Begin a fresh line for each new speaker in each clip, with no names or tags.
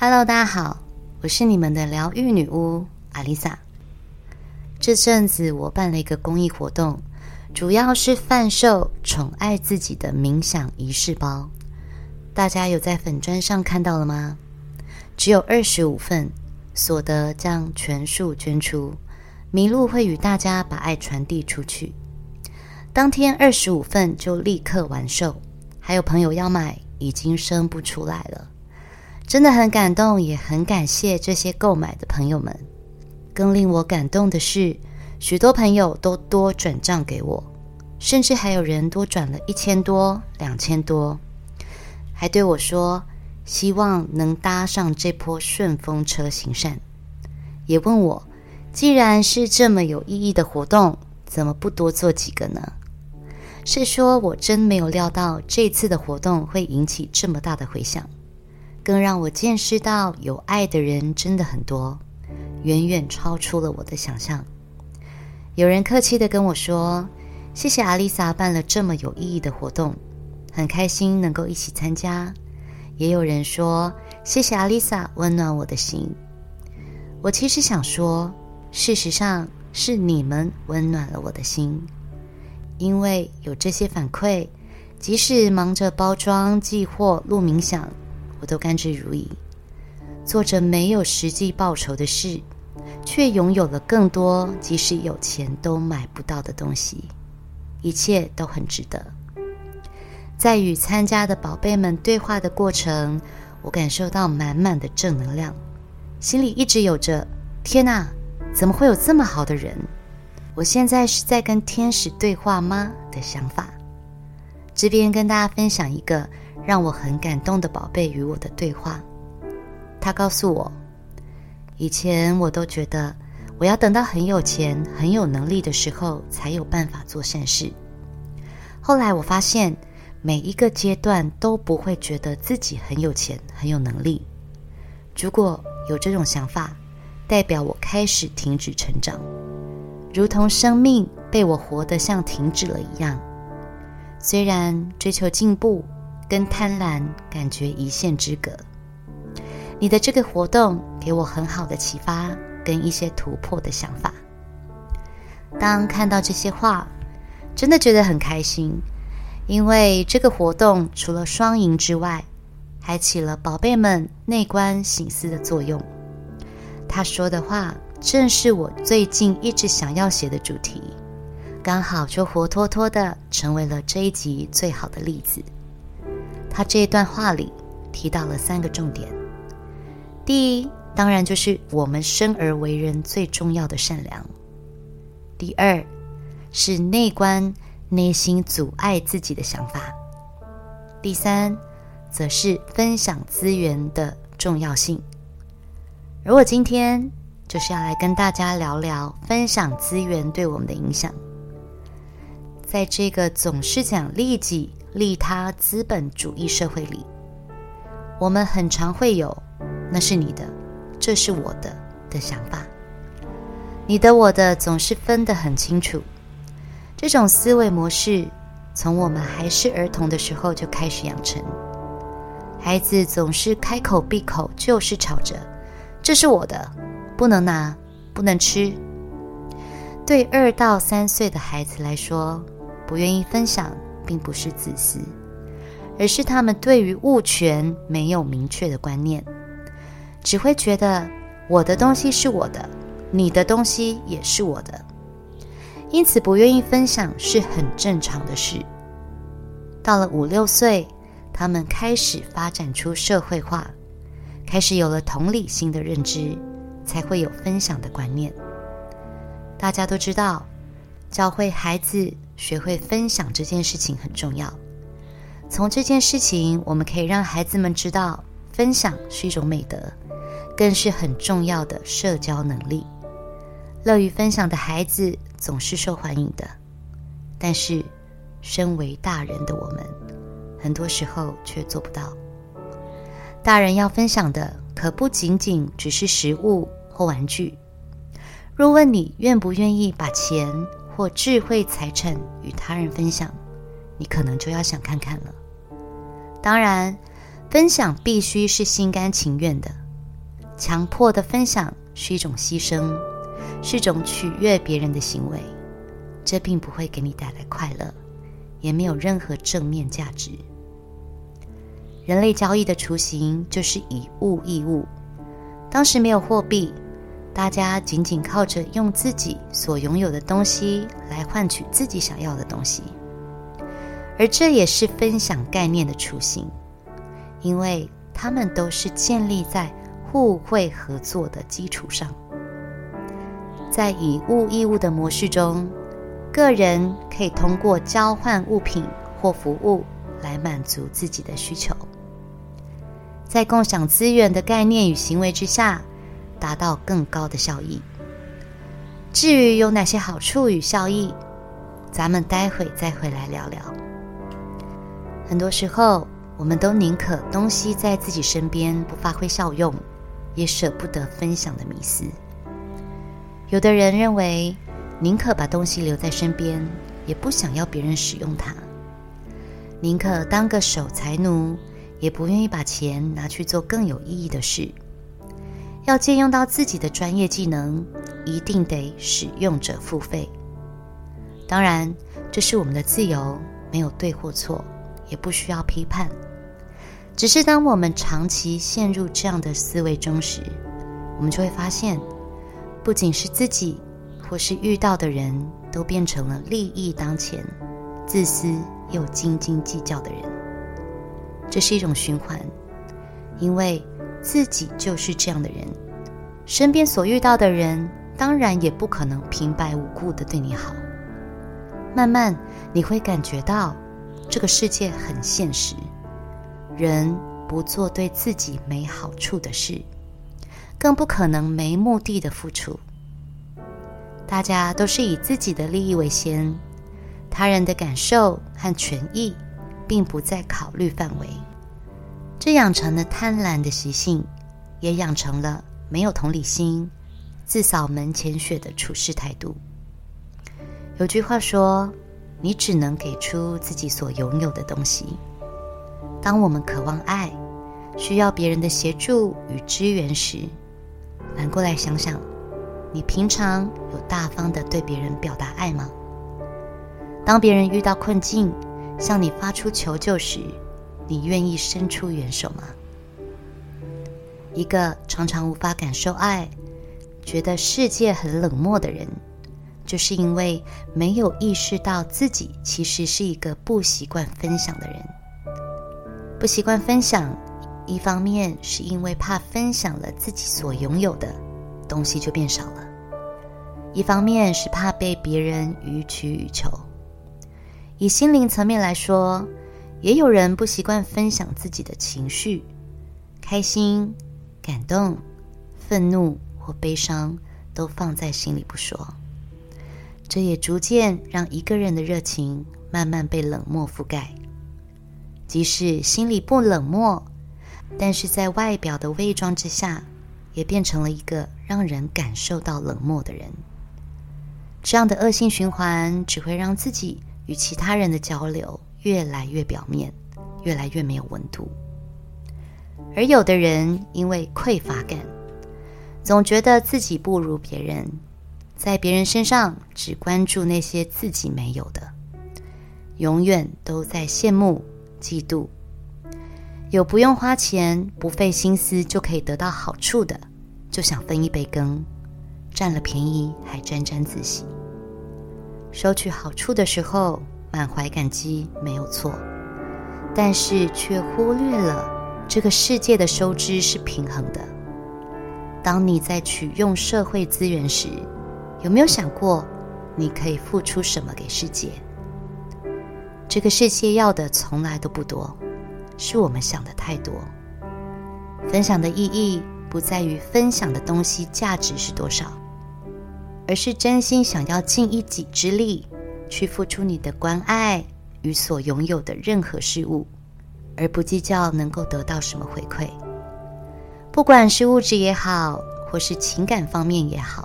Hello，大家好，我是你們的療癒女巫阿麗薩。這陣子我辦了一個公益活動，主要是販售寵愛自己的冥想儀式包。大家有在粉專上看到了嗎？只有二十五份，所得將全數捐出，迷鹿會與大家把愛傳遞出去。當天二十五份就立刻完售，還有朋友要買已經生不出來了。真的很感動，也很感謝這些購買的朋友們。更令我感動的是，許多朋友都多轉賬給我，甚至還有人多轉了一千多、兩千多，還對我說希望能搭上這波順風車行善。也問我，既然是這麼有意義的活動，怎麼不多做幾個呢？是說我真沒有料到這次的活動會引起這麼大的回響。更讓我見識到有愛的人真的很多，遠遠超出了我的想象。有人客氣地跟我說：“謝謝阿麗薩辦了這麼有意義的活動，很開心能夠一起參加。”也有人說：“謝謝阿麗薩溫暖我的心。”我其實想說，事實上是你們溫暖了我的心，因為有這些反饋，即使忙着包裝、寄貨、錄冥想。我都甘之如飴，做着沒有實際報酬的事，卻擁有了更多即使有錢都買不到的東西，一切都很值得。在與參加的寶貝們對話的過程，我感受到滿滿的正能量，心裡一直有着“天哪，怎麼會有這麼好的人？我現在是在跟天使對話嗎？”的想法。這邊跟大家分享一個，讓我很感動的寶貝與我的對話，他告訴我，以前我都覺得我要等到很有錢、很有能力的時候才有辦法做善事。後來我發現，每一個階段都不會覺得自己很有錢、很有能力。如果有這種想法，代表我開始停止成長，如同生命被我活得像停止了一樣。雖然追求進步。跟貪婪感覺一線之隔，你的這個活動給我很好的啟發跟一些突破的想法。當看到這些話，真的覺得很開心，因為這個活動除了雙贏之外，還起了寶貝們內觀省思的作用。他說的話正是我最近一直想要寫的主題，剛好就活脫脫的成為了這一集最好的例子。他這段話裡提到了三個重點：第一，當然就是我們生而為人最重要的善良；第二，是內觀內心阻礙自己的想法；第三，則是分享資源的重要性。而我今天就是要來跟大家聊聊分享資源對我們的影響。在這個總是講利己。利他資本主義社會裡，我們很常會有“那是你的，這是我的”的想法。你的我的總是分得很清楚。這種思維模式從我們還是兒童的時候就開始養成。孩子總是開口閉口就是吵着：“這是我的，不能拿，不能吃。”對二到三歲的孩子來說，不願意分享。並不是自私，而是他們對於物權沒有明確的觀念，只會覺得我的東西是我的，你的東西也是我的，因此不願意分享是很正常的事。到了五六歲，他們開始發展出社會化，開始有了同理心的認知，才會有分享的觀念。大家都知道，教會孩子。學會分享這件事情很重要。從這件事情，我們可以讓孩子們知道，分享是一種美德，更是很重要的社交能力。樂於分享的孩子總是受歡迎的。但是，身為大人的我們，很多時候卻做不到。大人要分享的，可不僅僅只是食物或玩具。若問你願不願意把錢，或智慧財產與他人分享，你可能就要想看看了。當然，分享必須是心甘情願的，強迫的分享是一種犧牲，是一種取悅別人的行為，這並不會給你帶來快樂，也沒有任何正面價值。人類交易的雛形就是以物易物，當時沒有貨幣。大家僅僅靠着用自己所擁有的東西來換取自己想要的東西，而這也是分享概念的雛形，因為它們都是建立在互惠合作的基礎上。在以物易物的模式中，個人可以通過交換物品或服務來滿足自己的需求。在共享資源的概念與行為之下，達到更高的效益。至於有哪些好處與效益，咱們待會再回來聊聊。很多時候，我們都寧可東西在自己身邊不發揮效用，也舍不得分享的迷思。有的人認為，寧可把東西留在身邊，也不想要別人使用它；寧可當個守財奴，也不願意把錢拿去做更有意義的事。要借用到自己的專業技能，一定得使用者付費。當然，這是我們的自由，沒有對或錯，也不需要批判。只是當我們長期陷入這樣的思維中時，我們就會發現，不僅是自己，或是遇到的人都變成了利益當前、自私又斤斤計較的人。這是一種循環。因為自己就是這樣的人，身邊所遇到的人當然也不可能平白無故的對你好。慢慢你會感覺到這個世界很現實，人不做對自己沒好處的事，更不可能沒目的的付出。大家都是以自己的利益為先，他人的感受和權益並不在考慮範圍。這養成了貪婪的習性，也養成了沒有同理心、自掃門前雪的處事態度。有句話說：“你只能給出自己所擁有的東西。”當我們渴望愛、需要別人的協助與支援時，反過來想想：你平常有大方的對別人表達愛嗎？當別人遇到困境，向你發出求救時，你願意伸出援手嗎？一個常常無法感受愛、覺得世界很冷漠的人，就是因為沒有意識到自己其實是一個不習慣分享的人。不習慣分享，一方面是因為怕分享了自己所擁有的東西就變少了，一方面是怕被別人予取予求。以心靈層面來說。也有人不習慣分享自己的情緒，開心、感動、憤怒或悲傷都放在心裡不說，這也逐漸讓一個人的熱情慢慢被冷漠覆蓋。即使心裡不冷漠，但是在外表的偽裝之下，也變成了一個讓人感受到冷漠的人。這樣的惡性循環只會讓自己與其他人的交流，越來越表面，越來越沒有溫度。而有的人因為匱乏感，總覺得自己不如別人，在別人身上只關注那些自己沒有的，永遠都在羨慕嫉妒。有不用花錢、不費心思就可以得到好處的，就想分一杯羹，占了便宜還沾沾自喜。收取好處的時候，滿懷感激，沒有錯，但是卻忽略了這個世界的收支是平衡的。當你在取用社會資源時，有沒有想過你可以付出什麼給世界？這個世界要的從來都不多，是我們想的太多。分享的意義不在於分享的東西價值是多少，而是真心想要盡一己之力。去付出你的關愛與所擁有的任何事物，而不計較能夠得到什麼回饋。不管是物質也好，或是情感方面也好，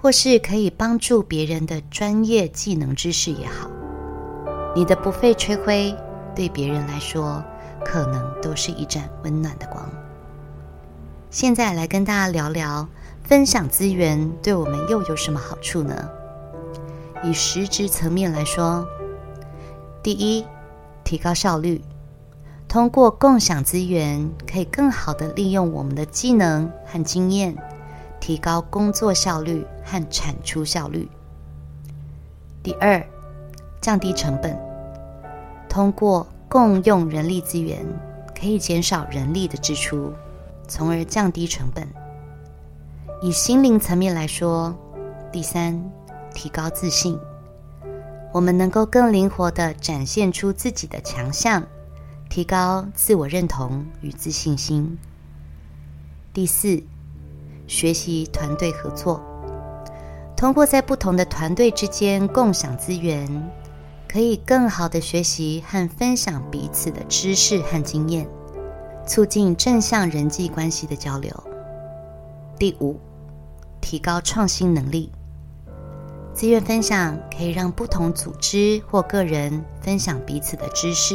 或是可以幫助別人的專業技能知識也好，你的不費吹灰對別人來說，可能都是一盞溫暖的光。現在來跟大家聊聊，分享資源對我們又有什麼好處呢？以實質層面來說，第一，提高效率，通過共享資源，可以更好地利用我們的技能和經驗，提高工作效率和產出效率。第二，降低成本，通過共用人力資源，可以減少人力的支出，從而降低成本。以心靈層面來說，第三。提高自信，我們能夠更靈活地展現出自己的強項，提高自我認同與自信心。第四，學習團隊合作，通過在不同的團隊之間共享資源，可以更好地學習和分享彼此的知識和經驗，促進正向人際關係的交流。第五，提高創新能力。自願分享可以讓不同組織或個人分享彼此的知識，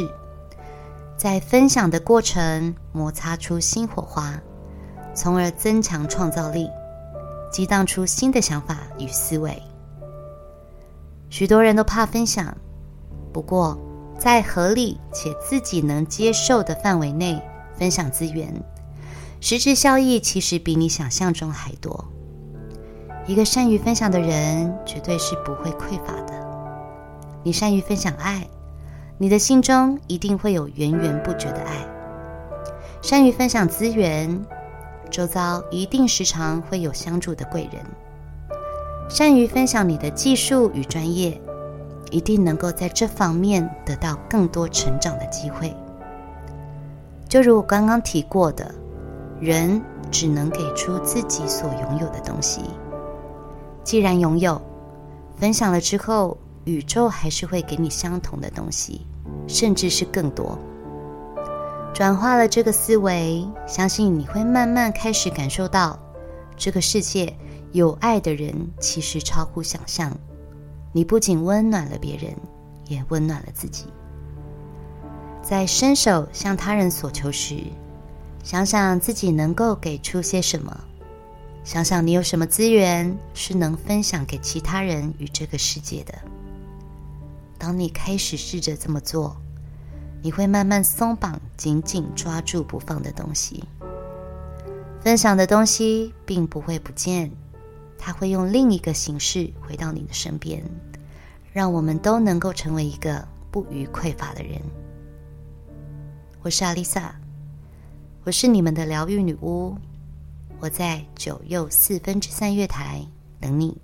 在分享的過程摩擦出新火花，從而增強創造力，激盪出新的想法與思維。許多人都怕分享，不過在合理且自己能接受的範圍內分享資源，實質效益其實比你想象中還多。一個善於分享的人，絕對是不會匱乏的。你善於分享愛，你的心中一定會有源源不絕的愛。善於分享資源，周遭一定時常會有相助的貴人。善於分享你的技術與專業，一定能夠在這方面得到更多成長的機會。就如我剛剛提過的，人只能給出自己所擁有的東西。既然擁有，分享了之後，宇宙還是會給你相同的東西，甚至是更多。轉化了這個思維，相信你會慢慢開始感受到，這個世界有愛的人其實超乎想象。你不僅溫暖了別人，也溫暖了自己。在伸手向他人索求時，想想自己能夠給出些什麼。想想你有什麼資源是能分享給其他人與這個世界的。當你開始試着這麼做，你會慢慢鬆綁緊緊抓住不放的東西。分享的東西並不會不見，它會用另一個形式回到你的身邊，讓我們都能夠成為一個不予匱乏的人。我是阿麗薩，我是你們的療癒女巫。我在九又四分之三月台等你。